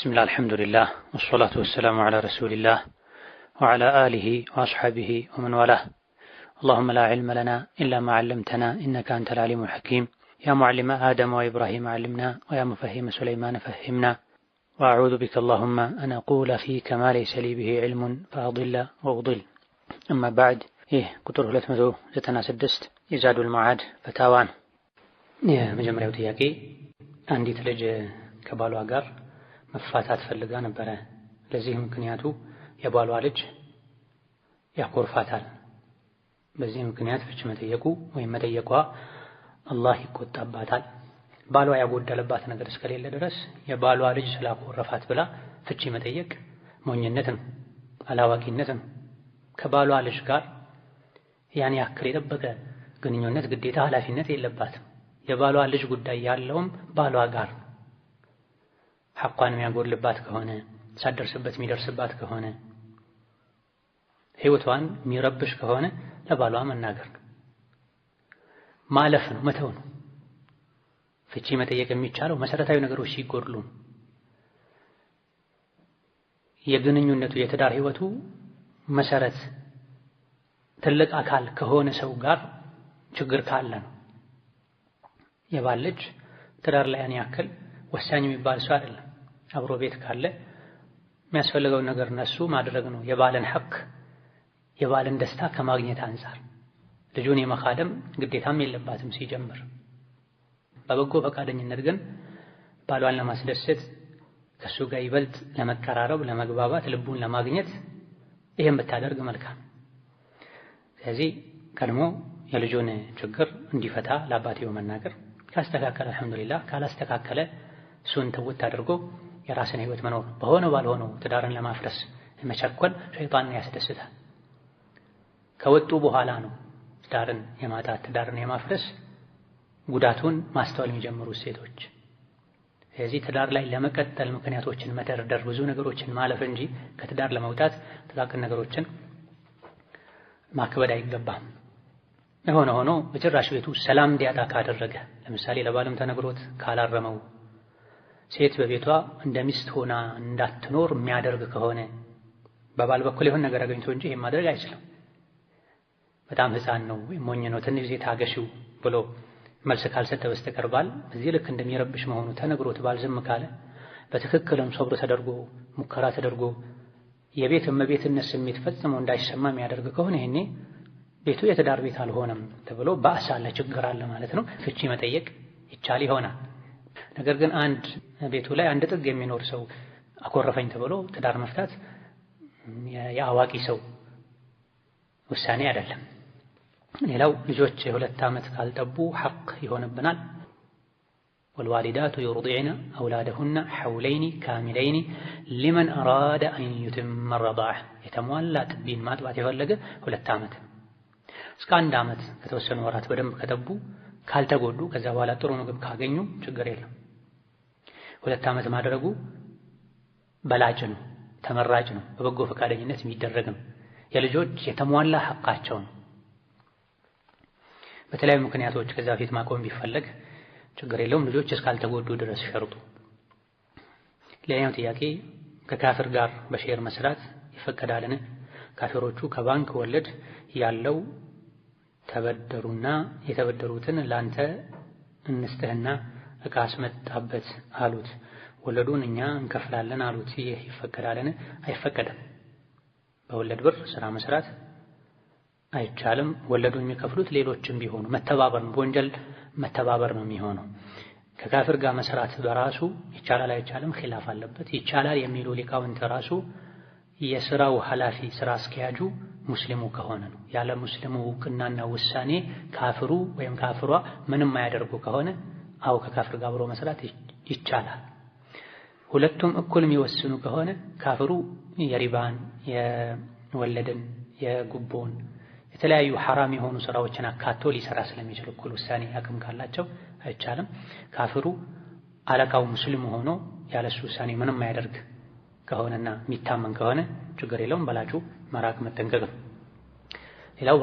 بسم الله الحمد لله والصلاة والسلام على رسول الله وعلى آله وأصحابه ومن والاه اللهم لا علم لنا إلا ما علمتنا إنك أنت العليم الحكيم يا معلم آدم وإبراهيم علمنا ويا مفهم سليمان فهمنا وأعوذ بك اللهم أن أقول فيك ما ليس لي به علم فأضل وأضل أما بعد إيه ቁጥር 296 የዛዱል ማዓድ ፈታዋን የመጀመሪያው ጥያቄ عندي تلج كبالو ጋር መፋታት ፈልጋ ነበረ። ለዚህ ምክንያቱ የባሏ ልጅ ያኮርፋታል። በዚህ ምክንያት ፍች መጠየቁ ወይም መጠየቋ አላህ ይቆጣባታል። ባሏ ያጎደለባት ነገር እስከሌለ ድረስ የባሏ ልጅ ስላኮረፋት ብላ ፍቺ መጠየቅ ሞኝነት ነው፣ አላዋቂነት ነው። ከባሏ ልጅ ጋር ያን ያክል የጠበቀ ግንኙነት ግዴታ ኃላፊነት የለባትም። የባሏ ልጅ ጉዳይ ያለውም ባሏ ጋር ሐቋን የሚያጎድልባት ከሆነ ሳደርስበት የሚደርስባት ከሆነ ህይወቷን የሚረብሽ ከሆነ ለባሏ መናገር ነው። ማለፍ ነው፣ መተው ነው። ፍቺ መጠየቅ የሚቻለው መሰረታዊ ነገሮች ሲጎድሉ፣ የግንኙነቱ የትዳር ህይወቱ መሰረት ትልቅ አካል ከሆነ ሰው ጋር ችግር ካለ ነው። የባል ልጅ ትዳር ላይ ያን ያክል ወሳኝ የሚባል ሰው አይደለም። አብሮ ቤት ካለ የሚያስፈልገው ነገር እነሱ ማድረግ ነው። የባልን ሐቅ የባልን ደስታ ከማግኘት አንጻር ልጁን የመካደም ግዴታም የለባትም ሲጀምር። በበጎ ፈቃደኝነት ግን ባሏን ለማስደሰት ከእሱ ጋር ይበልጥ ለመቀራረብ፣ ለመግባባት፣ ልቡን ለማግኘት ይህም ብታደርግ መልካም። ስለዚህ ቀድሞ የልጁን ችግር እንዲፈታ ለአባትየው መናገር፣ ካስተካከለ አልሐምዱሊላህ፣ ካላስተካከለ እሱን ተውት አድርጎ የራስን ህይወት መኖር በሆነው ባልሆነው ትዳርን ለማፍረስ መቸኮል ሸይጣንን ያስደስታል። ከወጡ በኋላ ነው ትዳርን የማጣት ትዳርን የማፍረስ ጉዳቱን ማስተዋል የሚጀምሩ ሴቶች። ስለዚህ ትዳር ላይ ለመቀጠል ምክንያቶችን መደርደር፣ ብዙ ነገሮችን ማለፍ እንጂ ከትዳር ለመውጣት ጥቃቅን ነገሮችን ማክበድ አይገባም። የሆነ ሆኖ በጭራሽ ቤቱ ሰላም እንዲያጣ ካደረገ ለምሳሌ ለባልም ተነግሮት ካላረመው ሴት በቤቷ እንደ ሚስት ሆና እንዳትኖር የሚያደርግ ከሆነ በባል በኩል የሆነ ነገር አገኝቶ እንጂ ይሄን ማድረግ አይችልም። በጣም ሕፃን ነው ወይም ሞኝ ነው ትንሽ ጊዜ ታገሺው ብሎ መልስ ካልሰጠ በስተቀር ባል በዚህ ልክ እንደሚረብሽ መሆኑ ተነግሮት ባል ዝም ካለ በትክክልም ሶብር ተደርጎ ሙከራ ተደርጎ የቤት እመቤትነት ስሜት ፈጽሞ እንዳይሰማ የሚያደርግ ከሆነ ይሄኔ ቤቱ የትዳር ቤት አልሆነም ተብሎ ባእስ አለ ችግር አለ ማለት ነው። ፍቺ መጠየቅ ይቻል ይሆናል። ነገር ግን አንድ ቤቱ ላይ አንድ ጥግ የሚኖር ሰው አኮረፈኝ ተብሎ ትዳር መፍታት የአዋቂ ሰው ውሳኔ አይደለም። ሌላው ልጆች የሁለት ዓመት ካልጠቡ ሐቅ ይሆንብናል። ወልዋሊዳቱ ዩርዲዕነ አውላደሁና ሐውለይኒ ካሚለይኒ ሊመን አራደ አን ዩትመ ረዳዕ። የተሟላ ጥቢን ማጥባት የፈለገ ሁለት ዓመት እስከ አንድ ዓመት ከተወሰኑ ወራት በደንብ ከጠቡ ካልተጎዱ፣ ከዛ በኋላ ጥሩ ምግብ ካገኙ ችግር የለም። ሁለት ዓመት ማድረጉ በላጭ ነው፣ ተመራጭ ነው፣ በበጎ ፈቃደኝነት የሚደረግ ነው። የልጆች የተሟላ ሐቃቸው ነው። በተለያዩ ምክንያቶች ከዛ በፊት ማቆም ቢፈለግ ችግር የለውም፣ ልጆች እስካልተጎዱ ድረስ ሸርጡ። ሌላኛው ጥያቄ ከካፍር ጋር በሼር መስራት ይፈቀዳልን? ካፊሮቹ ከባንክ ወለድ ያለው ተበደሩና የተበደሩትን ላንተ እንስትህና እቃ አስመጣበት አሉት። ወለዱን እኛ እንከፍላለን አሉት። ይህ ይፈቀዳልን? አይፈቀድም። በወለድ ብር ስራ መስራት አይቻልም። ወለዱን የሚከፍሉት ሌሎችም ቢሆኑ መተባበር ነው። በወንጀል መተባበር ነው የሚሆነው። ከካፍር ጋር መስራት በራሱ ይቻላል አይቻልም ኺላፍ አለበት። ይቻላል የሚሉ ሊቃውንት ራሱ የስራው ኃላፊ ስራ አስኪያጁ ሙስሊሙ ከሆነ ነው። ያለ ሙስሊሙ እውቅናና ውሳኔ ካፍሩ ወይም ካፍሯ ምንም አያደርጉ ከሆነ አው ከካፍር ጋር አብሮ መስራት ይቻላል። ሁለቱም እኩል የሚወስኑ ከሆነ ካፍሩ የሪባን፣ የወለድን፣ የጉቦን የተለያዩ ሐራም የሆኑ ስራዎችን አካቶ ሊሰራ ስለሚችል እኩል ውሳኔ አቅም ካላቸው አይቻልም። ካፍሩ አለቃው ሙስሊም ሆኖ ያለሱ ውሳኔ ምንም አያደርግ ከሆነና የሚታመን ከሆነ ችግር የለውም። በላጩ መራቅ መጠንቀቅ መጠንቀቅም ሌላው